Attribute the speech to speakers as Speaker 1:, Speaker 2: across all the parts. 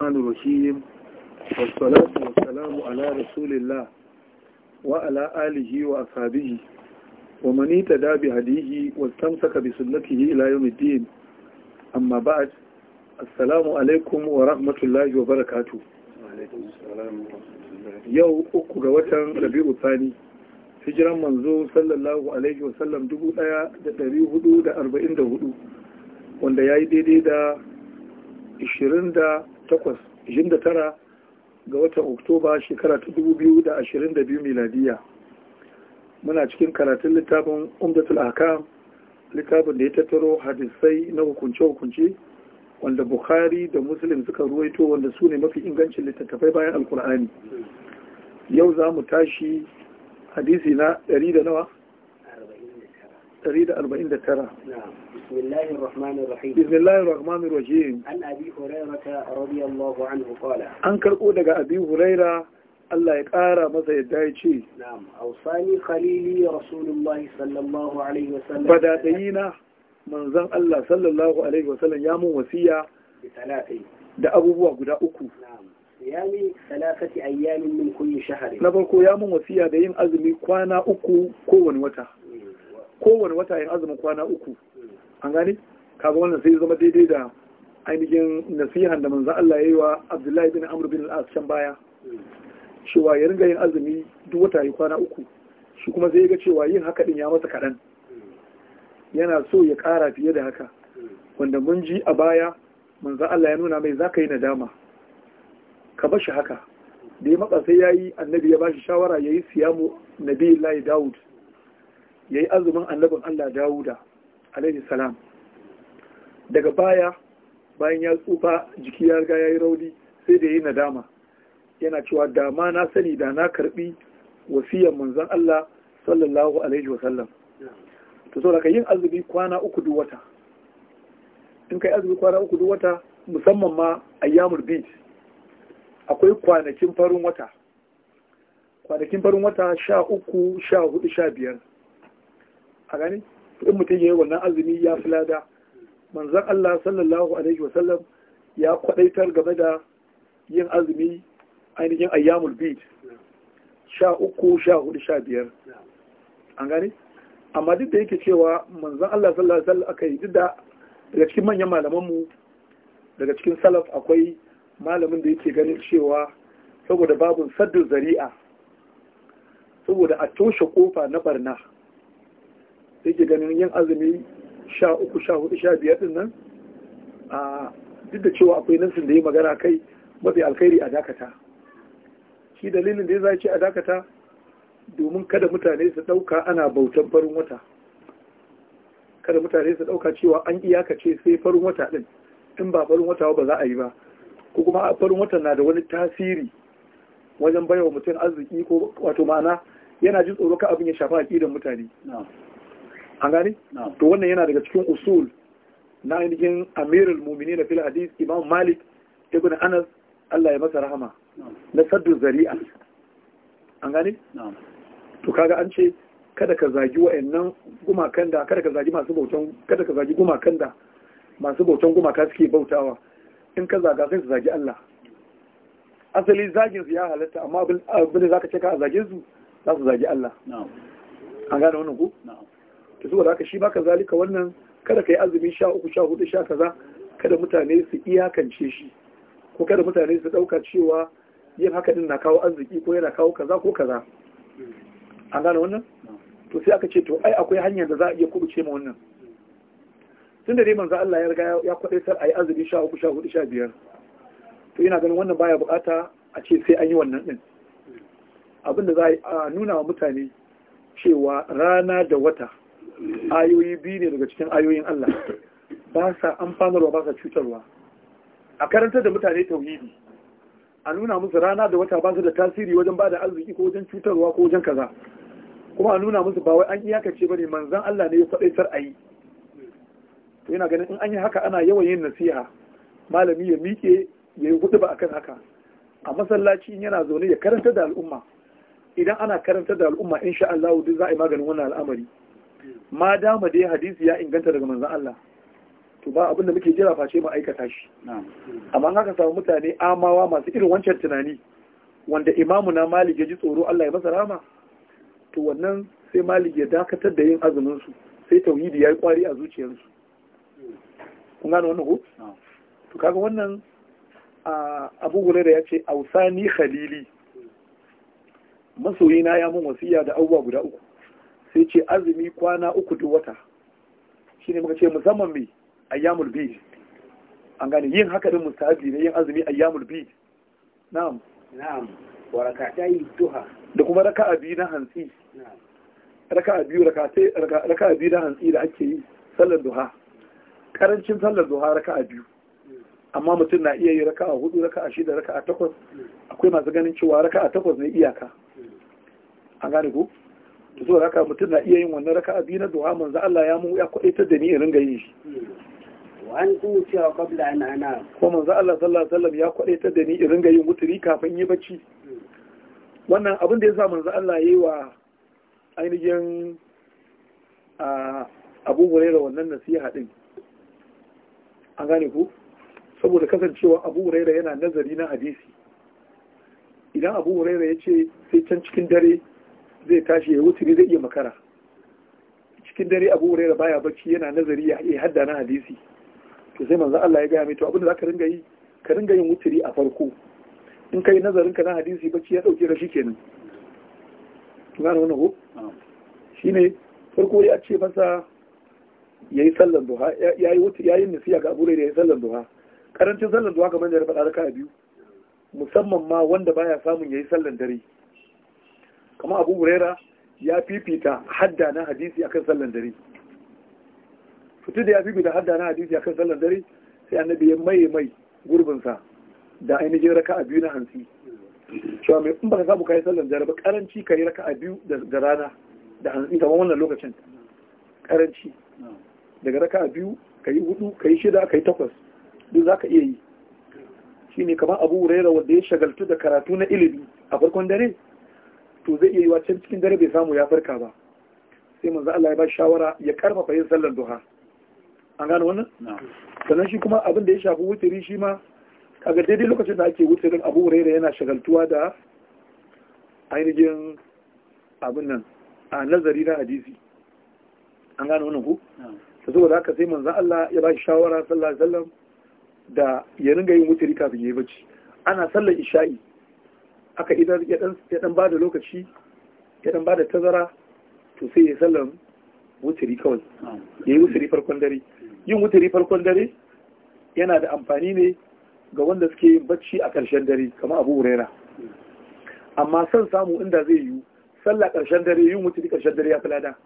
Speaker 1: الرحمن الرحيم والصلاة والسلام على رسول الله وعلى آله وأصحابه ومن اتدى بهديه واستمسك بسنته إلى يوم الدين أما بعد السلام عليكم ورحمة الله وبركاته yau uku ga watan rabi'u thani hijiran manzo sallallahu alaihi wasallam dubu daya da dari hudu da arba'in da hudu wanda ya yi daidai da ishirin da tara ga watan oktoba shekara ta 2022 miladiya muna cikin karatun littafin umdatul ahkam littafin da ya tattaro hadisai na hukunce-hukunce wanda bukhari da muslim suka ruwaito wanda su ne mafi ingancin littattafai bayan alkur'ani yau za mu tashi hadisi na 100 da nawa 149 بسم الله الرحمن الرحيم بسم الله الرحمن الرحيم عن أبي هريرة رضي الله عنه قال أنكر أولك أبي هريرة Allah ya ƙara masa yadda ya ce, Na'am, ausani khalili Rasulullahi na manzan Allah sallallahu Alaihi wasallam ya mun wasiya da abubuwa guda uku. Na farko ya mun wasiya da yin azumi kwana uku kowane wata. kowane wata yin azumin kwana uku an gane kaga wannan sai zama daidai da ainihin nasihan da manzan Allah ya yi wa Abdullahi bin Amr bin al can baya cewa ya ringa yin azumi duk wata yi kwana uku shi kuma zai ga cewa yin haka din ya masa kaɗan yana so ya ƙara fiye da haka wanda mun ji a baya manzan Allah ya nuna mai za ka yi nadama ka bashi haka da ya matsa sai ya yi annabi ya bashi shawara ya yi siyamu nabi Allah Dawud ya yi azumin annabin Allah Dawuda alaihi salam daga baya bayan ya tsufa jiki ya riga ya yi rauni sai da ya yi nadama yana cewa da ma na sani da na karbi wasiyan manzon Allah sallallahu alaihi wasallam to so daga yin azumi kwana uku duk wata in kai azumi kwana uku duk wata musamman ma ayyamul bid akwai kwanakin farin wata kwanakin farin wata sha uku sha hudu sha biyar a gani in mutum yayi wannan azumi ya fi lada manzon Allah sallallahu alaihi wa sallam ya kwadaitar game da yin azumi ainihin ayyamul bid sha uku sha hudu sha biyar an gani amma duk da yake cewa manzon Allah sallallahu alaihi wa sallam aka yi duk da daga cikin manyan malamanmu daga cikin salaf akwai malamin da yake ganin cewa saboda babu saddun zari'a saboda a toshe kofa na barna yake ganin yin azumi sha uku sha hudu sha biyar din nan a duk da cewa akwai nasin da ya magana kai mafi alkhairi a dakata shi dalilin da ya za ce a dakata domin kada mutane su ɗauka ana bautan farin wata kada mutane su ɗauka cewa an iyakace sai farin wata din, in ba farin wata ba za a yi ba ko kuma farin wata na da wani tasiri wajen baiwa mutum arziki ko wato ma'ana yana jin tsoro ka abin ya shafa aƙidan mutane an gane to wannan yana daga cikin usul na ainihin amirul na fil hadis imam malik ibn anas Allah ya masa rahama na saddu zari'a an gane to kaga an ce kada ka zagi wa'annan gumakan da kada ka zagi masu bautan kada ka zagi gumakan da masu bautan gumaka suke bautawa in ka zaga sai su zagi Allah asali zagin su ya halatta amma abin da zaka ce ka zage su za su zagi Allah an gane wannan ku na'am to saboda haka shi ma zalika wannan kada ka yi azumi sha uku sha hudu sha kaza kada mutane su iyakance shi ko kada mutane su ɗauka cewa yin haka din na kawo arziki ko yana kawo kaza ko kaza an gane wannan to sai aka ce to ai akwai hanyar da za a iya kubuce ma wannan tun da dai manzo Allah ya riga ya sar ai azumi sha uku sha hudu sha biyar to ina ganin wannan baya bukata a ce sai an yi wannan din abin da za a nuna wa mutane cewa rana da wata ayoyi biyu ne daga cikin ayoyin Allah ba sa amfanarwa ba sa cutarwa a karanta da mutane tauhidi a nuna musu rana da wata ba su da tasiri wajen ba da arziki ko wajen cutarwa ko wajen kaza kuma a nuna musu ba wai an iyakace bane manzon Allah ne ya faɗi a ayi to yana ganin in an yi haka ana yawan yin nasiha malami ya miƙe ya yi ba akan haka a masallaci in yana zaune ya karanta da al'umma idan ana karanta da al'umma insha Allah duk za a yi maganin wannan al'amari ma dama dai hadisi ya inganta daga manzan Allah to ba abinda muke jira face mu aikata shi amma haka samu mutane amawa masu irin wancan tunani wanda imamu na malige ji tsoro Allah ya masa rama to wannan sai malige ya dakatar da yin azumin su sai tauhidi ya yi kwari a zuciyarsu kun gane wannan ko to kaga wannan abu hurairah ya ce ausani khalili masoyina ya mun wasiya da abubuwa guda uku sai ce azumi kwana uku duk wata ne muka ce musamman mai ayyamul bid an gane yin haka din musabi ne yin azumi ayyamul bid na'am na'am wa yi duha da kuma raka'a biyu na hantsi raka'a biyu raka'a raka'a biyu na hantsi da ake yi sallar duha karancin sallar duha raka'a biyu hmm. amma mutum na iya yi raka'a hudu raka'a shida raka'a takwas hmm. akwai masu ganin cewa raka'a takwas ne iyaka hmm. an gane ku to saboda haka mutum na iya yin wannan raka'a biyu na duha manzo Allah ya mu ya kwaitar da ni in ringa yin shi an kuma cewa kwabla an ana ko manzo Allah sallallahu alaihi wasallam ya kwaitar da ni in ringa yin wuturi kafin yi bacci wannan abin da ya sa manzo Allah ya yi wa ainihin Abu Hurairah wannan nasiha din an gane ku saboda kasancewa Abu Hurairah yana nazari na hadisi idan Abu Hurairah ya ce sai can cikin dare zai tashi ya ne zai iya makara cikin dare abu da baya bacci yana nazari ya yi hadda na hadisi to sai manzo Allah ya gaya mai to abin da zaka ringa yi ka ringa yin wuturi a farko in kai nazarin ka na hadisi bacci ya dauke ka shikenan gano wannan ko shine farko ya ce masa yayi sallan duha yayi wuturi yayi nasiya ga abu da yayi sallan duha karancin sallan duha kamar da ya faɗa da biyu musamman ma wanda baya samun yayi sallan dare kama abu huraira ya fifita hadda na hadisi akan sallan dare fitu da ya fifita hadda na hadisi akan sallan dare sai annabi ya mai mai gurbinsa da ainihin raka a biyu na hansi cewa mai in baka samu kayan sallan dare ba karanci kayi raka a biyu da rana da hansi kama wannan lokacin karanci daga raka a biyu kayi hudu kayi shida kayi takwas duk za ka iya yi shine kamar abu wurera wanda ya shagaltu da karatu na ilimi a farkon dare to zai iya yiwa can cikin dare bai samu ya farka ba sai manzo Allah ya ba shawara ya karfafa yin sallar duha an gano wannan sannan shi kuma abin da ya shafi wuturi shi ma kaga daidai lokacin da ake wuturin Abu Hurairah yana shagaltuwa da ainihin abin nan a nazari na hadisi an gano wannan ku da saboda haka sai manzo Allah ya ba shawara sallallahu alaihi wasallam da ya ringa yin wuturi kafin ya yi bacci ana sallar isha'i aka idan ya dan ba da lokaci ya dan ba da tazara to sai ya sallan wuturi kawai ya yi wuturi farkon dare yin wuturi farkon dare yana da amfani ne ga wanda suke yin bacci a karshen dare kamar abu huraira amma son samu inda zai yiwu sallah karshen dare yin wuturi ƙarshen dare ya fi lada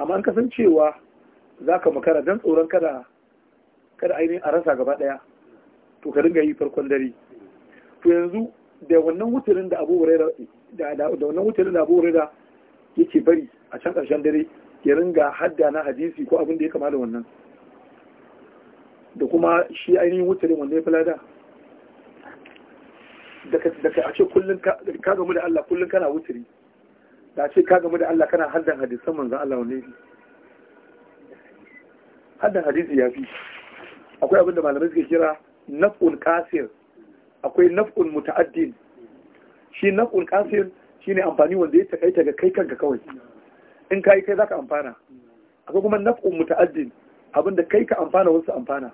Speaker 1: amma an kasancewa za ka makara don tsoron kada kada ainihin a rasa gaba ɗaya to ka dinga yi farkon dare to yanzu da wannan wutarin da Abu Huraira da da wannan wutarin da Abu Huraira yake bari a can ƙarshen dare ya ringa hadda na hadisi ko abin da ya kama da wannan da kuma shi ainihin wutarin wanda ya fi lada da ka ce kullum ka gamu da Allah kullum kana wutari da a ce ka gamu da Allah kana haddan hadisan manzan Allah wanne ne haddan hadisi ya fi akwai abin da malamai suke kira naf'un kasir akwai naf'un muta'addin shi naf'un kasir shine amfani wanda ya takaita ga kai kanka kawai in kai kai zaka amfana akwai kuma naf'un muta'addin abinda kai ka amfana wasu amfana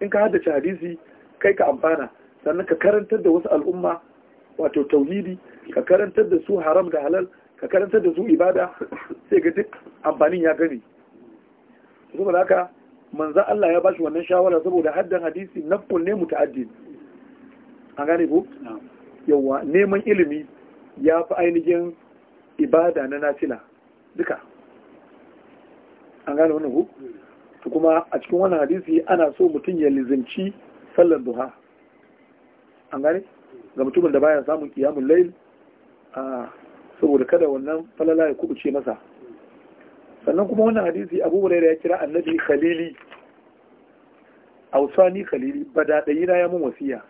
Speaker 1: in ka haddace hadisi kai ka amfana sannan ka karantar da wasu al'umma wato tauhidi ka karantar da su haram da halal ka karantar da su ibada sai ga duk amfanin ya gani saboda haka manzo Allah ya bashi wannan shawara saboda haddan hadisi nafkun ne muta'addin an gane ko yawa neman ilimi ya fi ainihin ibada na nafila duka an gane wani ko hmm. to kuma a cikin wannan hadisi ana so mutum ya lizinci sallar duha an gane hmm. ga mutumin da baya samun kiyamun lail a saboda kada wannan falala ya kubuce masa hmm. sannan kuma wannan hadisi abubuwa da ya kira annabi khalili ausani khalili ɗayina ya mun wasiya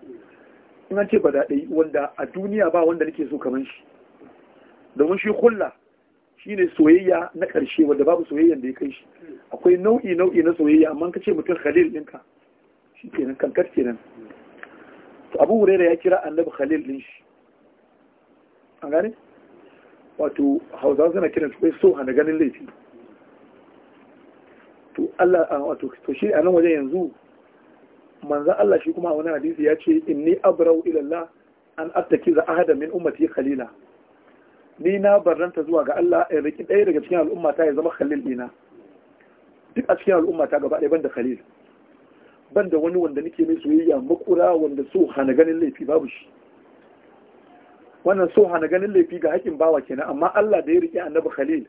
Speaker 1: in an ce ba daɗe wanda a duniya ba wanda nake so kamar shi domin shi kulla shi ne soyayya na ƙarshe wanda babu soyayyan da ya kai shi akwai nau'i nau'i na soyayya amma ka ce mutum khalil ɗinka shi kenan kankar kenan to abu huraira ya kira annabi khalil ɗin shi an gane wato hausa suna kiran su kai so na ganin laifi to Allah wato to shi a nan wajen yanzu manzo Allah shi kuma a wani hadisi ya ce inni abrau Allah an attaki za ahada min ummati khalila ni na barranta zuwa ga Allah in riki ɗaya daga cikin al'ummata ya zama khalil dina duk a cikin al'ummata gaba ɗaya banda khalil banda wani wanda nake mai soyayya makura wanda so hana ganin laifi babu shi wannan so hana ganin laifi ga haƙin bawa kenan amma Allah da ya riki annabi khalil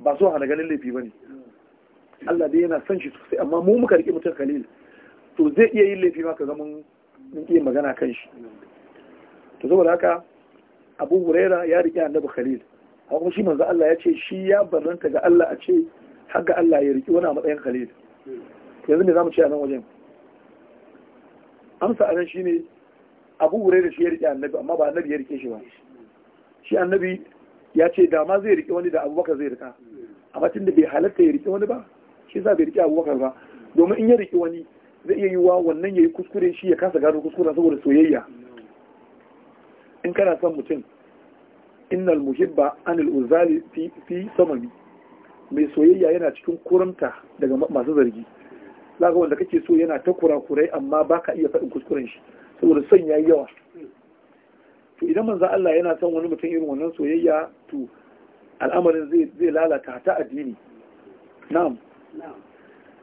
Speaker 1: ba so hana ganin laifi bane Allah dai yana son shi sosai amma mu muka rike mutum khalil to zai iya yin laifi maka zaman mun iya magana kan shi to saboda haka abu huraira ya riƙe annabi khalil a kuma shi manzo Allah ya ce shi ya barranta ga Allah a ce har ga Allah ya riƙi wani a matsayin khalil yanzu me zamu ce a nan wajen amsa a nan shine abu huraira shi ya riƙe annabi amma ba annabi ya riƙe shi ba shi annabi ya ce da ma zai riƙe wani da abubakar zai riƙa amma tunda bai halatta ya riƙe wani ba shi yasa bai riƙe abubakar ba domin in ya riƙe wani zai iya yi wannan ya yi kuskure shi ya kasa gano kuskure saboda soyayya in kana son mutum innal muhibba anil uzali fi fi samani mai soyayya yana cikin kuranta daga masu zargi zaka wanda kake so yana ta kurakurai amma baka iya faɗin kuskuren shi saboda son yayi yawa to idan manzo Allah yana son wani mutum irin wannan soyayya to al'amarin zai zai lalata ta addini na'am na'am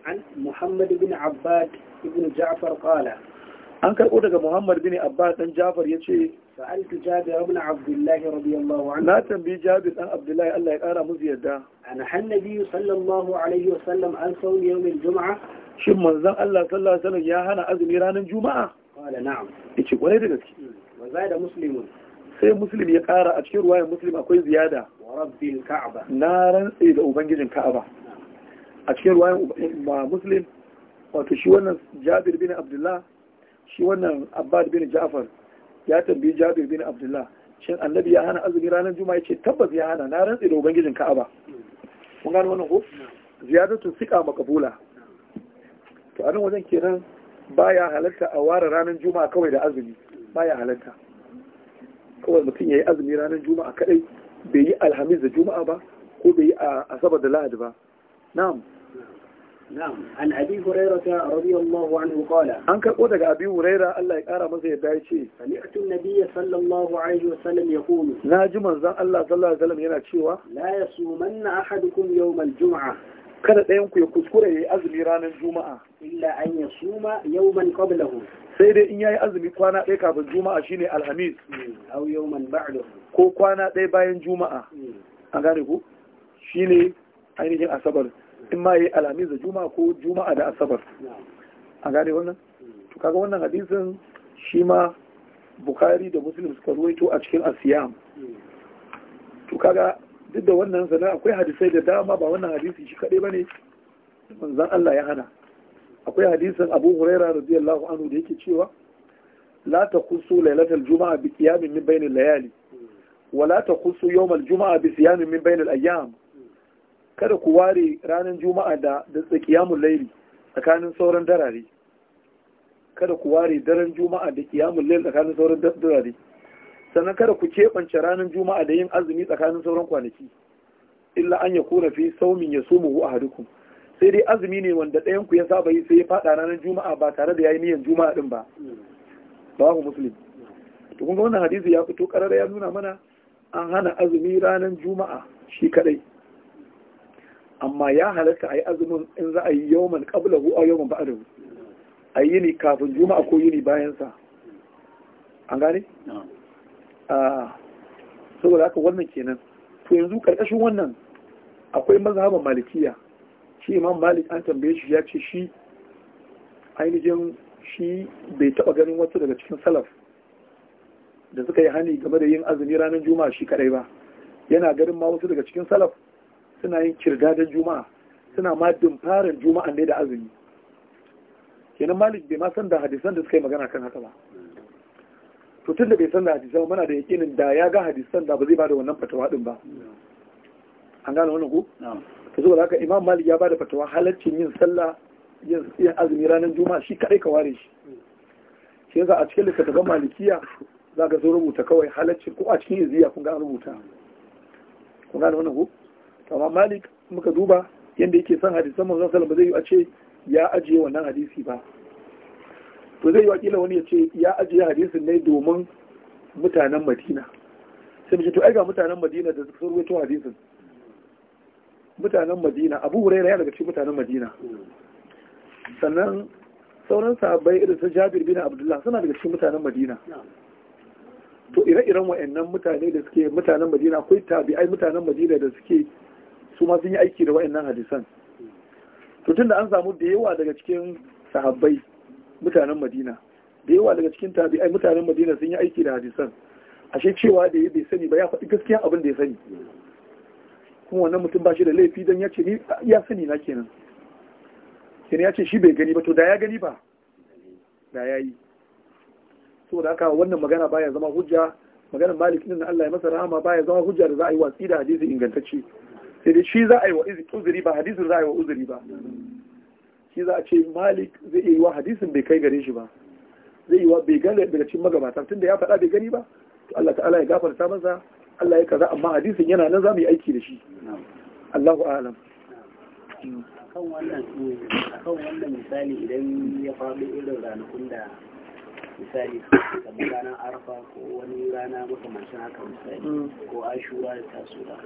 Speaker 1: عن محمد بن عباد بن جعفر قال an karɓo daga Muhammad bin Abba dan Jafar ya ce sa'altu Jabir ibn Abdullah radiyallahu anhu na tambayi Jabir dan Abdullah Allah ya ƙara musu yarda an hannabi sallallahu alaihi wa sallam an sawm yawm al-jum'a shin manzon Allah sallallahu wa sallam ya hana azumi ranar juma'a qala na'am yace kwarai da gaske sai muslim ya ƙara a cikin ruwayar muslim akwai ziyada wa rabbil ka'aba na rantse da ubangijin ka'aba a cikin ruwan ma muslim wato shi wannan jabir bin abdullah shi wannan abbad bin ja'far ya tambayi jabir bin abdullah shin annabi ya hana azumi ranar juma'a yace tabbas ya hana na rantsi da ubangijin ka'aba kun gano wannan ko ziyadatu siqa makabula to anan wajen kenan baya halatta a ware ranar juma'a kawai da azumi baya halarta kawai mutum yayi azumi ranar juma'a kadai bai yi alhamis da juma'a ba ko bai yi asabar da lahadi ba na'am نعم عن أبي هريرة رضي الله عنه قال عن kara masa هريرة الله يقارى مزيد بايشي سمعت النبي صلى الله عليه Na ji ناجم Allah الله صلى الله عليه وسلم هنا تشيوه لا يصومن أحدكم يوم الجمعة kada ku ya kuskure ya yi azumi ranar juma'a illa an ya yawman qablahu sai dai in yayi azumi kwana ɗaya kafin juma'a shine alhamis hmm, aw yawman ba'dahu ko kwana ɗaya bayan juma'a hmm. an gane ku shine ainihin asabar in ma yi alamis da juma'a ko juma'a da asabar a gane wannan to kaga wannan hadisin shi ma bukari da muslim suka ruwaito a cikin asiyam to kaga duk da wannan sana akwai hadisai da dama ba wannan hadisi shi kaɗai ba ne manzan Allah ya hana akwai hadisin abu huraira radiyallahu anhu da yake cewa la taqusu lailatal juma'a bi qiyamin min bainil layali wa la taqusu yawmal juma'a bi siyamin min bainil ayyam kada ku ware ranar juma'a da da tsakiyamul laili tsakanin sauran darare kada ku ware daren juma'a da kiyamul laili tsakanin sauran darare sannan kada ku keɓance ranar juma'a da yin azumi tsakanin sauran kwanaki illa an ya fi saumin ya sumu a ahadukum sai dai azumi ne wanda ɗayan ku ya saba yi sai ya faɗa ranar juma'a ba tare da yayi niyyar juma'a din ba ba ku muslim to kun ga wannan hadisi ya fito karara ya nuna mana an hana azumi ranar juma'a shi kadai amma ya halatta a yi azumin in za a yi yawon ƙabla ko a yawon a yi yini kafin juma'a ko yini bayansa an gane? saboda haka wannan kenan to yanzu ƙarƙashin wannan akwai mazhaban malikiya shi imam malik an tambaye shi ya ce shi ainihin shi bai taɓa ganin wasu daga cikin salaf da suka yi hani game da yin azumi ranar juma'a shi kadai ba yana ganin ma wasu daga cikin salaf suna yin don juma'a suna ma dimfarin juma'a ne da azumi kenan malik bai ma san da hadisan da suka yi magana kan haka ba to tun da bai san da hadisan muna da yakinin da ya ga hadisan da ba zai bada wannan fatawa din ba an gane wannan ku to saboda haka imam malik ya bada fatawa halaccin yin sallah yin azumi ranar juma'a shi kadai ka ware shi shi yasa a cikin littattafan malikiya za ka zo rubuta kawai halaccin ko a cikin iziya kun ga rubuta kun gane wannan ku amma malik muka duba yadda yake son hadisan manzon zan ba zai yi a ce ya ajiye wannan hadisi ba to zai yi wakila wani ya ce ya ajiye hadisin ne domin mutanen madina sai mace to ai ga mutanen madina da suka rubuto hadisin mutanen madina abu huraira ya daga cikin mutanen madina sannan sauran sahabbai irin su jabir bin abdullah suna daga cikin mutanen madina to ire-iren wa'annan mutane da suke mutanen madina akwai tabi'ai mutanen madina da suke su ma sun yi aiki da wa'annan hadisan to tunda an samu da yawa daga cikin sahabbai mutanen madina da yawa daga cikin tabi'ai mutanen madina sun yi aiki da hadisan ashe cewa da ya bai sani ba ya faɗi gaskiya abin da ya sani kuma wannan mutum ba shi da laifi don ya ce ni ya sani na kenan kenan ya ce shi bai gani ba to da ya gani ba da ya yi saboda haka wannan magana baya zama hujja maganar malik din Allah ya masa rahama baya zama hujja da za a yi watsi da hadisi ingantacce sai dai shi za a yi wa uzuri ba hadisin za a yi wa uzuri ba shi za a ce malik zai yi wa hadisin bai kai gare shi ba zai yi wa bai gane daga cikin magabata tun da ya faɗa bai gani ba to Allah ta'ala ya gafarta masa Allah ya kaza amma hadisin yana nan za mu yi aiki da shi Allahu a'lam
Speaker 2: kan wannan kan wannan misali idan ya faɗo irin ranakun da misali kamar ranar arfa ko wani rana makamancin haka misali mm. ko ashura da tasura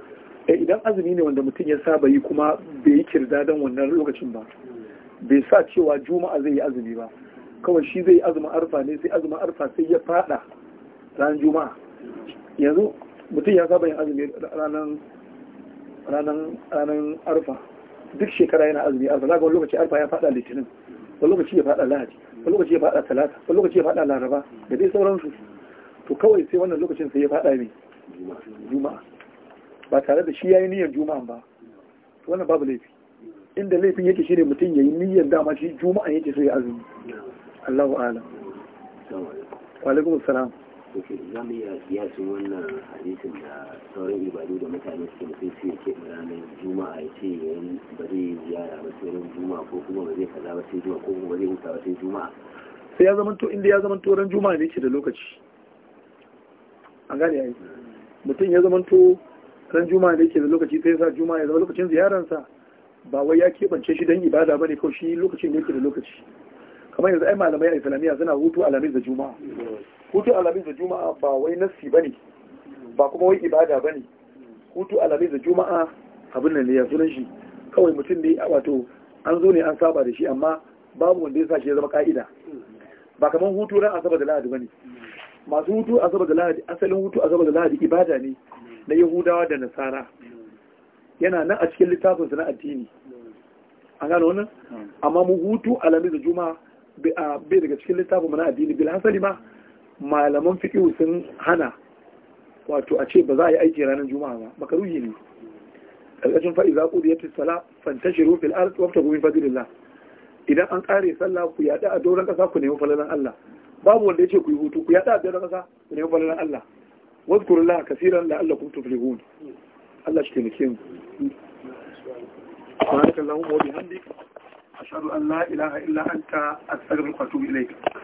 Speaker 1: eh, idan azumi ne wanda mutum ya saba yi kuma bai yi kirda don wannan lokacin ba bai sa cewa juma'a zai yi azumi ba kawai shi zai yi azumin arfa ne sai azumin arfa sai ya fada ranar juma'a yanzu mutum ya saba yin azumi ranar arfa duk shekara yana azumi arfa za wani lokaci arfa ya fada litinin wani lokaci ya fada lahadi wani lokaci ya fada talata wani lokaci ya fada laraba da dai sauransu to kawai sai wannan lokacin sai ya fada ne juma'a ba tare da shi ya yi niyyar juma'a ba wannan babu laifi inda laifin yake shine mutum ya yi niyyar dama shi juma'a yake so ya azumi Allahu a'lam
Speaker 2: wa alaikum assalam za mu iya kiyasin wannan hadisin da sauran ibadu da mutane suke mutum su ke ranar juma'a ya ce yayin ba zai ziyara ba sai
Speaker 1: ran juma'a ko kuma ba zai kaza ba sai juma'a ko kuma ba zai huta ba sai juma'a sai ya zama inda ya zama ran juma'a ne ce da lokaci a gane yayi mutum ya zama ran juma'a ne ke da lokaci sai ya sa juma'a ya zama lokacin ziyararsa ba wai ya keɓance shi don ibada ba ne kawai shi lokacin ne ke da lokaci kamar yanzu ai malamai a islamiyya suna hutu alamis da juma'a hutu alamis da juma'a ba wai nassi ba ne ba kuma wai ibada ba ne hutu alamis da juma'a abin nan ne ya sunan shi kawai mutum ne wato an zo ne an saba da shi amma babu wanda ya sa shi ya zama ka'ida ba kamar hutu ran asabar da lahadi ba ne masu hutu a da lahadi asalin hutu asabar da lahadi ibada ne na yahudawa da nasara yana nan a cikin littafinsa na addini an gano wannan hmm. amma mu hutu alamis da juma'a bai daga cikin mu na addini bil hasali ma malaman fiƙihu sun hana wato a ce ba za a yi aiki ranar juma'a ba makaruhi ne ƙarƙashin fa'i za ku diyatis sala fantashiru fil ard wafta gumin fadilillah idan an ƙare sallah ku yaɗa a doron ƙasa ku nemi falalan Allah babu wanda ya ce ku yi hutu ku yaɗa a doron ƙasa ku nemi falalan Allah kasiran Allah واذكروا الله كثيرا لعلكم تفلحون الله يشكركم بارك اللهم وبحمدك أشهد أن لا illa إلا أنت أستغفرك وأتوب إليك